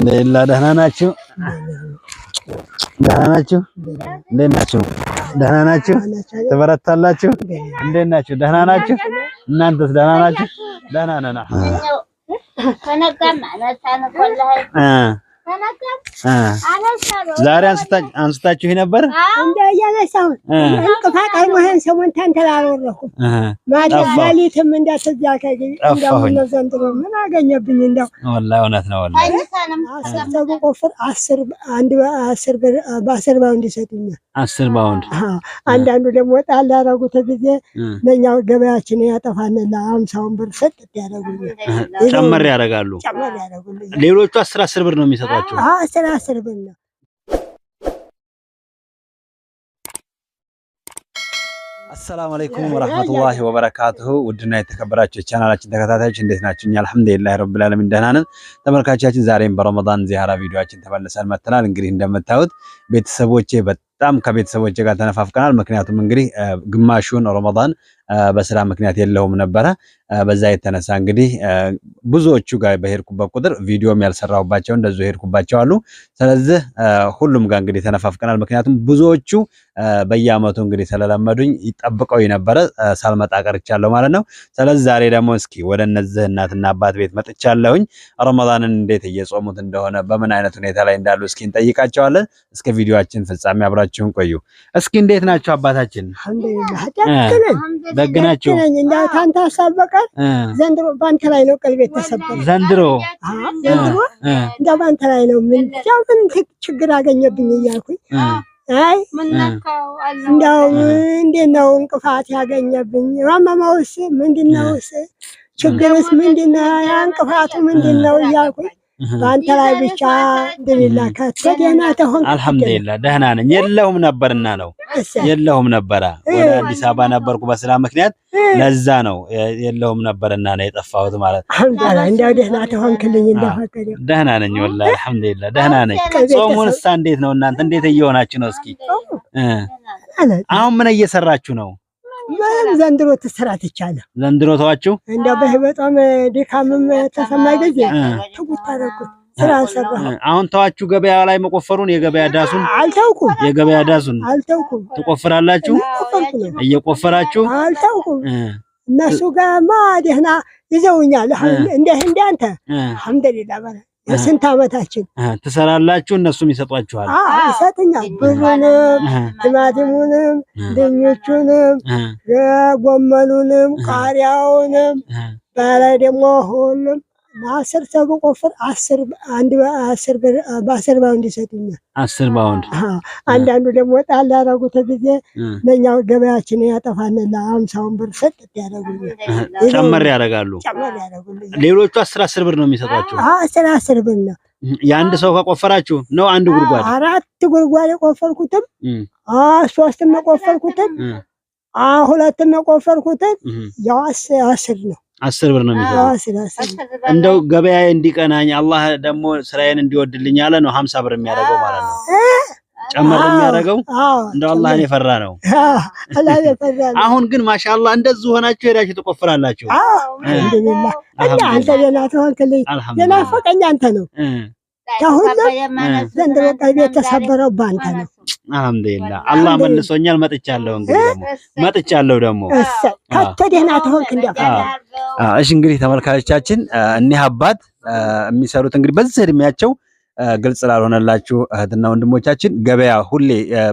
እንደላ ደህና ናችሁ? ደህና ናችሁ? እንዴት ናችሁ? ደህና ናችሁ? ትበረታላችሁ? እንዴት ናችሁ? ደህና ናችሁ? እናንተስ ደህና ናችሁ? ደህና ነና ዛሬ አንስታችሁ ነበር እንደ እያነሳሁ እንቅፋ ቀርሞህን ሰሞን ታንተን አላወራሁም። ማታ ሌሊትም እንዳትዛ እንደምን ነው ዘንድሮ ምን አገኘብኝ? እንደው ወላሂ እውነት ነው። ወላሂ አስር ሰው ብቆፍር በአስር ባውንድ ይሰጡኛል። አስር ባውንድ አንዳንዱ ደግሞ ጣል ያደረጉት ጊዜ ለእኛው ገበያችን ያጠፋንና አምሳውን ብር ሰጥ ያደረጉኛል። ጨመር ያደርጋሉ። ሌሎቹ አስር አስር ብር ነው የሚሰጠው ያላችሁ? አስር አስር ብር አሰላሙ አለይኩም ወራህመቱላሂ ወበረካቱሁ። ውድና የተከበራችሁ የቻናላችን ተከታታዮች እንዴት ናችሁ? እኛ አልሐምዱሊላህ ረብል ዓለሚን ደህና ነን። ተመልካቻችን ዛሬም በረመዳን ዚያራ ቪዲዮአችን ተመልሰን መጥተናል። እንግዲህ እንደምታዩት ቤተሰቦቼ በጣም ከቤተሰቦቼ ጋር ተነፋፍቀናል። ምክንያቱም እንግዲህ ግማሹን ረመዳን በስራ ምክንያት የለውም ነበረ። በዛ የተነሳ እንግዲህ ብዙዎቹ ጋር በሄድኩበት ቁጥር ቪዲዮም ያልሰራሁባቸው እንደዚሁ ሄድኩባቸው አሉ። ስለዚህ ሁሉም ጋር እንግዲህ ተነፋፍቀናል። ምክንያቱም ብዙዎቹ በየአመቱ እንግዲህ ስለለመዱኝ ይጠብቀው የነበረ ሳልመጣ ቀርቻለሁ ማለት ነው። ስለዚህ ዛሬ ደግሞ እስኪ ወደ እነዚህ እናትና አባት ቤት መጥቻለሁኝ። ረመዳንን እንዴት እየጾሙት እንደሆነ በምን አይነት ሁኔታ ላይ እንዳሉ እስኪ እንጠይቃቸዋለን። እስከ ቪዲዮአችን ፍጻሜ አብራችሁን ቆዩ። እስኪ እንዴት ናቸው አባታችን? ደግ ናቸው። ከአንተ ሀሳብ በቀር ዘንድሮ ባንተ ላይ ነው ቀልቤ የተሰበረ። ዘንድሮ ዘንድሮ እንደ በአንተ ላይ ነው። ምን ምን ችግር አገኘብኝ እያልኩኝ አይ እንደው እንዴት ነው እንቅፋት ያገኘብኝ? ማማማውስ ምንድነውስ? ችግርስ ምንድነው? እንቅፋቱ ምንድነው እያልኩኝ በአንተ ላይ ብቻ ድልላ ከቶ ደህና ተሆን። አልሐምዱሊላ ደህና ነኝ። የለሁም ነበርና ነው የለሁም ነበረ። ወደ አዲስ አበባ ነበርኩ በስራ ምክንያት፣ ለዛ ነው የለሁም ነበርና ነው የጠፋሁት ማለት ነው። እንደው ደህና ተሆንክልኝ እንደፈቀደ ደህና ነኝ። ወላሂ ደህና ነኝ። ጾሙን እሳ እንዴት ነው እናንተ እንዴት እየሆናችሁ ነው? እስኪ አሁን ምን እየሰራችሁ ነው? ምንም ዘንድሮ ትሰራ ትቻለሁ። ዘንድሮ ተዋችሁ እንደ በህ በጣም ድካምም ተሰማኝ ጊዜ ትጉት ታደርጉት ስራ ሰራ። አሁን ተዋችሁ ገበያ ላይ መቆፈሩን የገበያ ዳሱን አልተውኩም የገበያ ዳሱን አልተውኩም ትቆፍራላችሁ እየቆፈራችሁ አልተውኩም እነሱ ጋማ ደህና ይዘውኛል። እንደ እንደ አንተ አልሐምዱሊላህ የስንት ዓመታችን ትሰራላችሁ፣ እነሱም ይሰጧችኋል። ይሰጥኛል። ብዙንም ቲማቲሙንም፣ ድኞቹንም፣ ጎመኑንም፣ ቃሪያውንም ባላይ ደግሞ ሁሉም አስር ሰው ብቆፍር አስር አንድ አስር በአስር ባውንድ ይሰጡኛል። አስር ባውንድ አንዳንዱ ደግሞ ጣል ያደረጉት ጊዜ ለእኛው ገበያችን ያጠፋንላ አምሳውን ብር ሰጥት ያደረጉኛል። ጨመር ያደረጋሉ። ሌሎቹ አስር አስር ብር ነው የሚሰጧቸው። አስር አስር ብር ነው የአንድ ሰው ከቆፈራችሁ ነው። አንድ ጉድጓድ አራት ጉድጓድ የቆፈርኩትም ሶስትም የቆፈርኩትም ሁለትም የቆፈርኩትም ያው አስር ነው። አስር ብር ነው የሚሆነው። እንደው ገበያ እንዲቀናኝ አላህ ደግሞ ስራዬን እንዲወድልኝ ያለ ነው ሀምሳ ብር የሚያደርገው ማለት ነው። ጨመር የሚያደርገው እንደው አላህን የፈራ ነው። አሁን ግን ማሻአላህ እንደዚህ ሆናችሁ ሄዳችሁ ትቆፍራላችሁ። አንተ ሌላ ትሆንክልኝ ሌላ ፈቀኛ አንተ ነው ከሁሉም ዘንድሮ ቀልቤ የተሰበረው በአንተ ነው። አላህ መልሶኛል። መጥቻለሁ እንግዲህ መጥቻለሁ ደግሞ እሺ። እንግዲህ ተመልካቾቻችን እኒህ አባት የሚሰሩት እንግዲህ በዚህ እድሜያቸው ግልጽ ላልሆነላችሁ እህትና ወንድሞቻችን ገበያ ሁሌ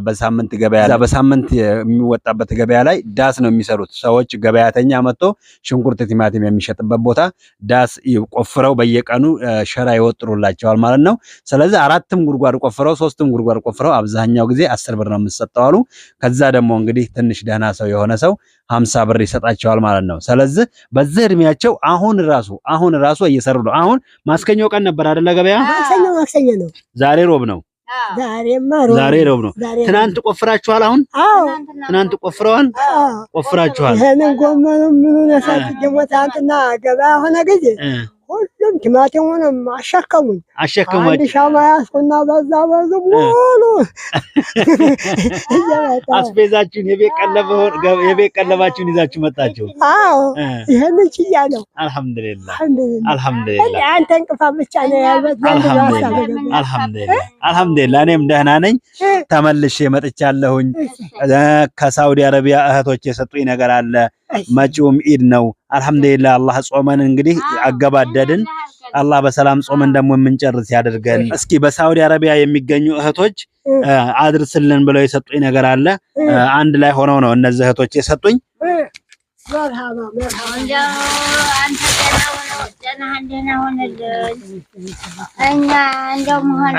በሳምንት ገበያ በሳምንት የሚወጣበት ገበያ ላይ ዳስ ነው የሚሰሩት ሰዎች። ገበያተኛ መጥቶ ሽንኩርት፣ ቲማቲም የሚሸጥበት ቦታ ዳስ ቆፍረው በየቀኑ ሸራ ይወጥሩላቸዋል ማለት ነው። ስለዚህ አራትም ጉድጓድ ቆፍረው ሶስትም ጉድጓድ ቆፍረው አብዛኛው ጊዜ አስር ብር ነው የምትሰጠው አሉ። ከዛ ደግሞ እንግዲህ ትንሽ ደህና ሰው የሆነ ሰው ሀምሳ ብር ይሰጣቸዋል ማለት ነው። ስለዚህ በዚህ እድሜያቸው አሁን ራሱ አሁን ራሱ እየሰሩ ነው። አሁን ማስከኛው ቀን ነበር አይደለ? ገበያ ማክሰኞ ማክሰኞ ነው። ዛሬ ሮብ ነው። ዛሬ ሮብ ነው። ትናንት ቆፍራችኋል? አሁን ትናንት ቆፍረዋል፣ ቆፍራችኋል። ይሄንን ጎመኑ ምኑን ሳት ደግሞ ትናንትና ገበያ ሆነ ጊዜ ሁሉም ቲማቲም ሆነ አሸከሙኝ አሸከሙኝ። አንድ ሻማ ያስኩና በዛ በዙ ሙሉ አስቤዛችሁን የቤት ቀለባችሁን ይዛችሁ መጣችሁ። አዎ ይህን ችያ ነው። አልሐምዱሊላ አልሐምዱሊላ። አንተ እንቅፋት ብቻ ነው ያልበት። አልሐምዱሊላ አልሐምዱሊላ። እኔም ደህና ነኝ። ተመልሼ መጥቻለሁኝ። ከሳውዲ አረቢያ እህቶች የሰጡኝ ነገር አለ መጪውም ኢድ ነው። አልሐምዱሊላህ አላህ ጾመን እንግዲህ አገባደድን። አላህ በሰላም ጾመን ደግሞ የምንጨርስ ያደርገን። እስኪ በሳውዲ አረቢያ የሚገኙ እህቶች አድርስልን ብለው የሰጡኝ ነገር አለ። አንድ ላይ ሆነው ነው እነዚህ እህቶች የሰጡኝ።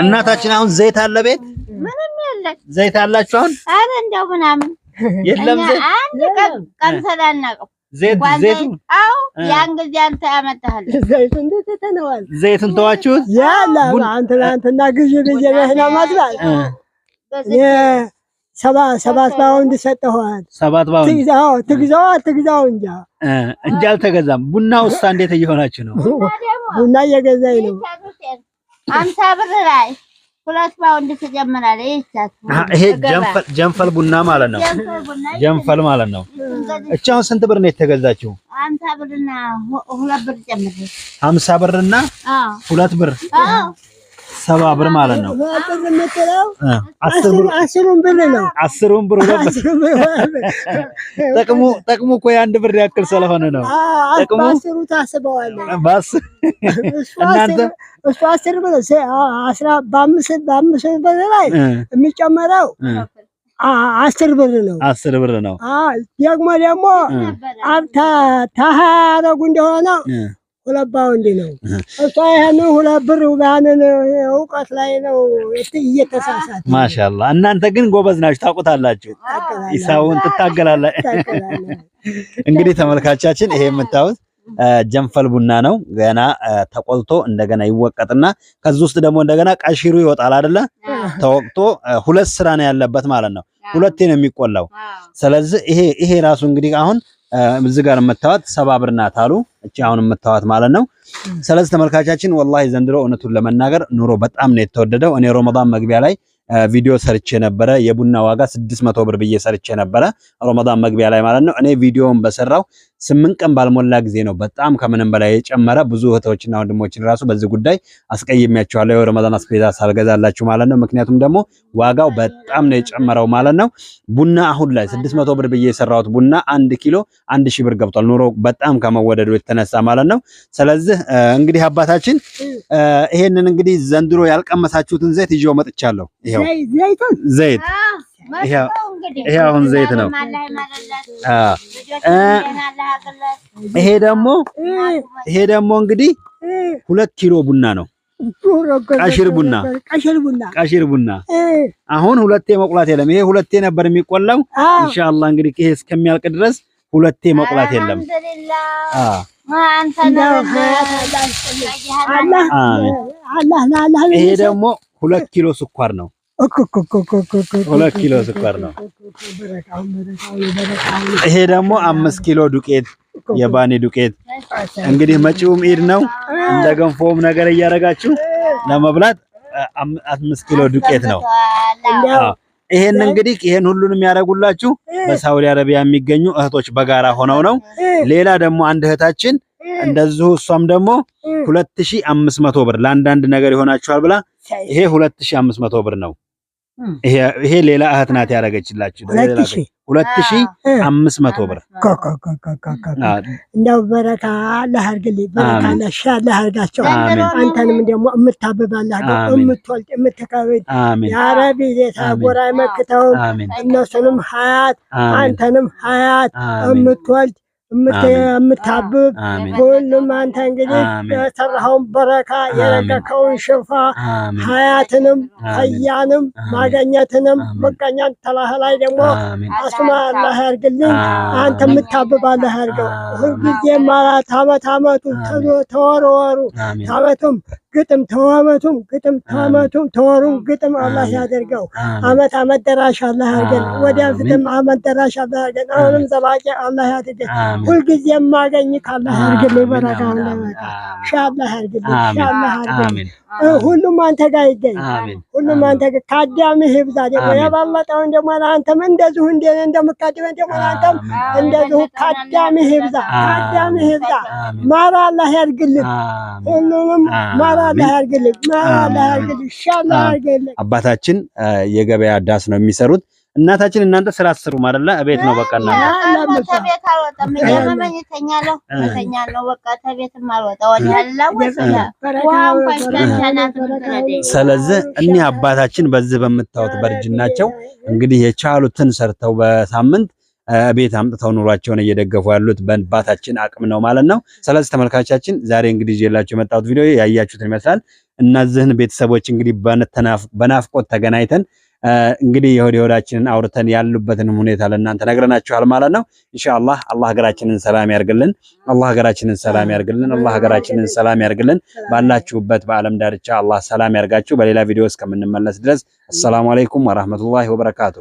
እናታችን አሁን ዘይት አለ ቤት ዘይት አላችሁ አሁን የለም አንድ ቀን ቀምሰን አናውቅም። ዘይቱን ተዋችሁት። አንተ ያመጣሃል። ግዢ ብዬ ሰባት ባውንድ ሰጠኋል። ሰባት ትግዛው አትግዛው እንጃ እንጂ አልተገዛም። ቡና ውስጥ እንዴት እየሆናችሁ ነው? ቡና እየገዛኝ ነው። አምሳ ብር ላይ ሁለት ባውንድ ትጨምራለህ። ይሄ ጀንፈል ቡና ማለት ነው። ጀንፈል ማለት ነው። እቺ አሁን ስንት ብር ነው የተገዛችው? ሀምሳ ብርና ሁለት ብር ጨምር። ሀምሳ ብርና ሁለት ብር ሰባ ብር ማለት ነው። አስሩን ብር ነው። አስሩን ብር እኮ የአንድ ብር ያክል ስለሆነ ነው። ጥቅሙ አስሩ ታስበዋለህ። አስር ብር አስራ በአምስት በአምስት ብር ላይ የሚጨመረው አስር ብር ነው። አስር ብር ነው ደግሞ ደግሞ ታሀረጉ እንደሆነ ሁለባው እንዲህ ነው። እሷ ይህንን ሁለት ብር ባንን እውቀት ላይ ነው እየተሳሳት። ማሻላ እናንተ ግን ጎበዝ ናችሁ፣ ታውቁታላችሁ፣ ኢሳውን ትታገላለ። እንግዲህ ተመልካቻችን ይሄ የምታዩት ጀንፈል ቡና ነው። ገና ተቆልቶ እንደገና ይወቀጥና ከዚ ውስጥ ደግሞ እንደገና ቀሽሩ ይወጣል አይደለ? ተወቅቶ ሁለት ስራ ነው ያለበት ማለት ነው። ሁለቴ ነው የሚቆላው። ስለዚህ ይሄ ይሄ ራሱ እንግዲህ አሁን እዚህ ጋር የምታዋት ሰባ ብር ናት አሉ። እቺ አሁን የምታዋት ማለት ነው። ስለዚህ ተመልካቻችን ወላሂ ዘንድሮ እውነቱን ለመናገር ኑሮ በጣም ነው የተወደደው። እኔ ረመዳን መግቢያ ላይ ቪዲዮ ሰርቼ ነበረ። የቡና ዋጋ 600 ብር ብዬ ሰርቼ ነበረ ረመዳን መግቢያ ላይ ማለት ነው። እኔ ቪዲዮውን በሰራው ስምንት ቀን ባልሞላ ጊዜ ነው በጣም ከምንም በላይ የጨመረ። ብዙ እህቶችና ወንድሞችን ራሱ በዚህ ጉዳይ አስቀይሜያቸዋለሁ፣ ረመዳን አስፔዛ ሳልገዛላችሁ ማለት ነው። ምክንያቱም ደግሞ ዋጋው በጣም ነው የጨመረው ማለት ነው። ቡና አሁን ላይ 600 ብር ብዬ የሰራሁት ቡና አንድ ኪሎ አንድ ሺህ ብር ገብቷል፣ ኑሮ በጣም ከመወደዱ የተነሳ ማለት ነው። ስለዚህ እንግዲህ አባታችን ይሄንን እንግዲህ ዘንድሮ ያልቀመሳችሁትን ዘይት ይዤው መጥቻለሁ። ይሄው ዘይት ይሄ አሁን ዘይት ነው። ይሄ ደግሞ ይሄ ደግሞ እንግዲህ ሁለት ኪሎ ቡና ነው። ቀሽር ቡና ቀሽር ቡና አሁን ሁለቴ መቁላት የለም። ይሄ ሁለቴ ነበር የሚቆላው። ኢንሻአላህ እንግዲህ ይሄ እስከሚያልቅ ድረስ ሁለቴ መቁላት የለም። ይሄ ደግሞ ሁለት ኪሎ ስኳር ነው። ሁለት ኪሎ ስኳር ነው። ይሄ ደግሞ አምስት ኪሎ ዱቄት የባኒ ዱቄት። እንግዲህ መጪውም ኢድ ነው፣ እንደ ገንፎም ነገር እያደረጋችሁ ለመብላት አምስት ኪሎ ዱቄት ነው። ይሄን እንግዲህ ይሄን ሁሉንም ያደረጉላችሁ በሳውዲ አረቢያ የሚገኙ እህቶች በጋራ ሆነው ነው። ሌላ ደግሞ አንድ እህታችን እንደዚሁ እሷም ደግሞ 2500 ብር ለአንዳንድ ነገር ይሆናችኋል ብላ ይሄ 2500 ብር ነው። ይሄ ሌላ እህት ናት ያደረገችላችሁ ሁለት ሺ አምስት መቶ ብር እንደው በረካ ለህርግል በረካ ለሻ ለህርጋቸው አንተንም ደግሞ የምታብባ የምትወልድ የምትከብድ የአረቢ ጌታ ጎራ መክተው እነሱንም ሀያት አንተንም ሀያት የምትወልድ የምታብብ ሁሉም አንተ እንግዲህ የሰራኸውን በረካ የረቀከውን ሽፋ ሀያትንም ሀያንም ማገኘትንም ምቀኛን ተላህ ላይ ደግሞ አስማ አላህ ያርግልኝ። አንተ የምታብብ አላህ ያርገው። ሁልጊዜ ማራት አመት አመቱ ተወረወሩ ታመቱም ግጥም ተዋመቱም ግጥም ተዋመቱም ተወሩም ግጥም አላህ ያደርገው። አመት አመት ደራሽ አላህ ያድርገን። ወዲያ ፍትም አመት ደራሽ አላህ ያድርገን። አሁንም ዘላቂ አላህ ያድርገን። ሁልጊዜ የማገኝ ካላህ ያድርግልኝ። በረካ ለበቃ ሻ አላህ ያድርግልኝ። ሻ አላህ ያድርግልኝ። ሁሉም አንተ ጋር ይገኝ። ሁሉም አንተ ጋር ካዳምህ ይብዛ። ደግሞ የባለጠውን ደግሞ ለአንተም እንደዚሁ እንደምትቀድመን ደግሞ ለአንተም እንደዚሁ ካዳምህ ይብዛ። ካዳምህ ይብዛ። ማራ አላህ ያድርግልን። ሁሉንም ማራ አባታችን የገበያ ዳስ ነው የሚሰሩት። እናታችን እናንተ ስራ አትሰሩ ማለት ነው። እቤት ነው በቃ ከቤት በቃ ከቤትም ስለዚህ እኔ አባታችን በዚህ በምታዩት በእርጅናቸው እንግዲህ የቻሉትን ሰርተው በሳምንት ቤት አምጥተው ኑሯቸውን እየደገፉ ያሉት በንባታችን አቅም ነው ማለት ነው። ስለዚህ ተመልካቻችን ዛሬ እንግዲህ ይዤላችሁ የመጣሁት ቪዲዮ ያያችሁትን ይመስላል። እነዚህን ቤተሰቦች እንግዲህ በናፍቆት ተገናኝተን እንግዲህ የሆድ ሆዳችንን አውርተን ያሉበትን ሁኔታ ለእናንተ ነግረናችኋል ማለት ነው። ኢንሻአላህ አላህ ሀገራችንን ሰላም ያርግልን። አላህ ሀገራችንን ሰላም ያርግልን። አላህ ሀገራችንን ሰላም ያርግልን። ባላችሁበት በዓለም ዳርቻ አላህ ሰላም ያርጋችሁ። በሌላ ቪዲዮ እስከምንመለስ ድረስ አሰላሙ አለይኩም ወራህመቱላሂ ወበረካቱ።